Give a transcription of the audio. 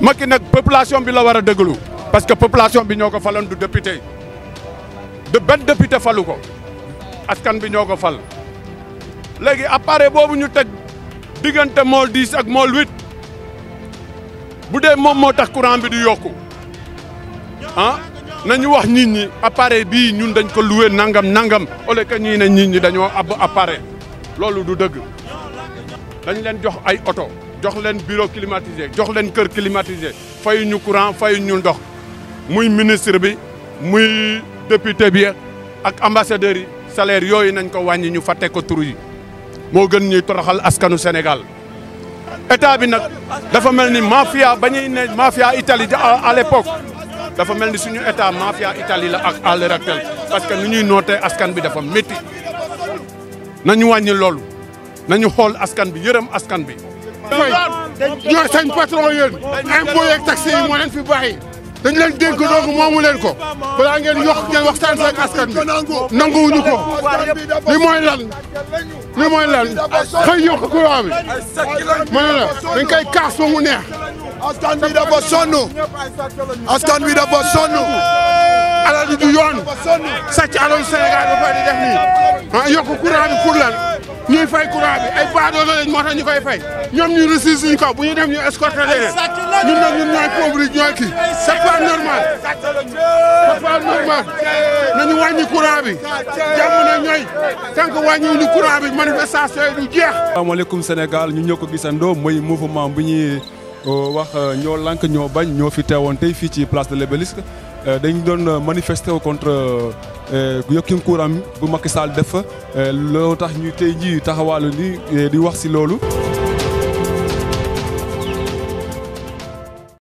Macky nag population bi la war a déglu parce que population bi ñoo ko faloon du député de benn député falu ko askan bi ñoo ko fal léegi appareil boobu ñu teg diggante mool 10 ak mool 8 bu dee moom moo tax courant bi du yokku ah nañu wax nit ñi appareil bii ñun dañ ko loué nangam nangam au lieu que ñii ne nit ñi dañoo ab appareil loolu du dëgg dañ leen jox ay oto jox leen bureau climatisé jox leen kër climatisé fayu ñu courant fayu ñu ndox muy ministre bi muy député bi ak ambassadeurs yi yooyu nañ ko wàññi ñu fàtte ko tur yi moo gën ñuy toroxal askanu Sénégal état bi nag dafa mel ni mafia ba ñuy ne mafia Italie à l'époque dafa mel ni suñu état mafia Italie la ak à l'heure actuelle parce que nu ñuy noote askan bi dafa métti nañu wàññi loolu nañu xool askan bi yërëm askan bi. fay ñoo sañ patron yéen impôt yeeg taxes yi moo leen fi bàyyi. dañ leen dénk donc moomu leen ko balaa ngeen yokk ngeen waxtaan ak askan bi nanguwuñu ko li mooy lan li mooy lan xëy yokk courant bi ma la dañ mu neex. askan bi dafa sonn askan bi dafa sonn alal ji du yoon sàcc alalu Sénégal ba pare di def ah, yokk courant bi pour lan. ñuy fay courant bi ay baadoo la nous faisons tax ñu Nous fay ñoom ñu nous suñu kaw bu ñu dem ñu Nous ñun nag ñun ñooy pauvre ñooy kii pas normal c'est pas normal nañu courant bi jàmm na ñooy tant que ni courant bi manifestation yi du jeex. asalaamaaleykum Sénégal ñu ko gisandoo mouvement bu ñuy euh, wax euh, ñoo lànk ñoo bañ ñoo fi ci place de nous euh, avons euh, manifester contre euh, yokkim kuram bu Macky def le tax ñu tey jii taxawaalu di wax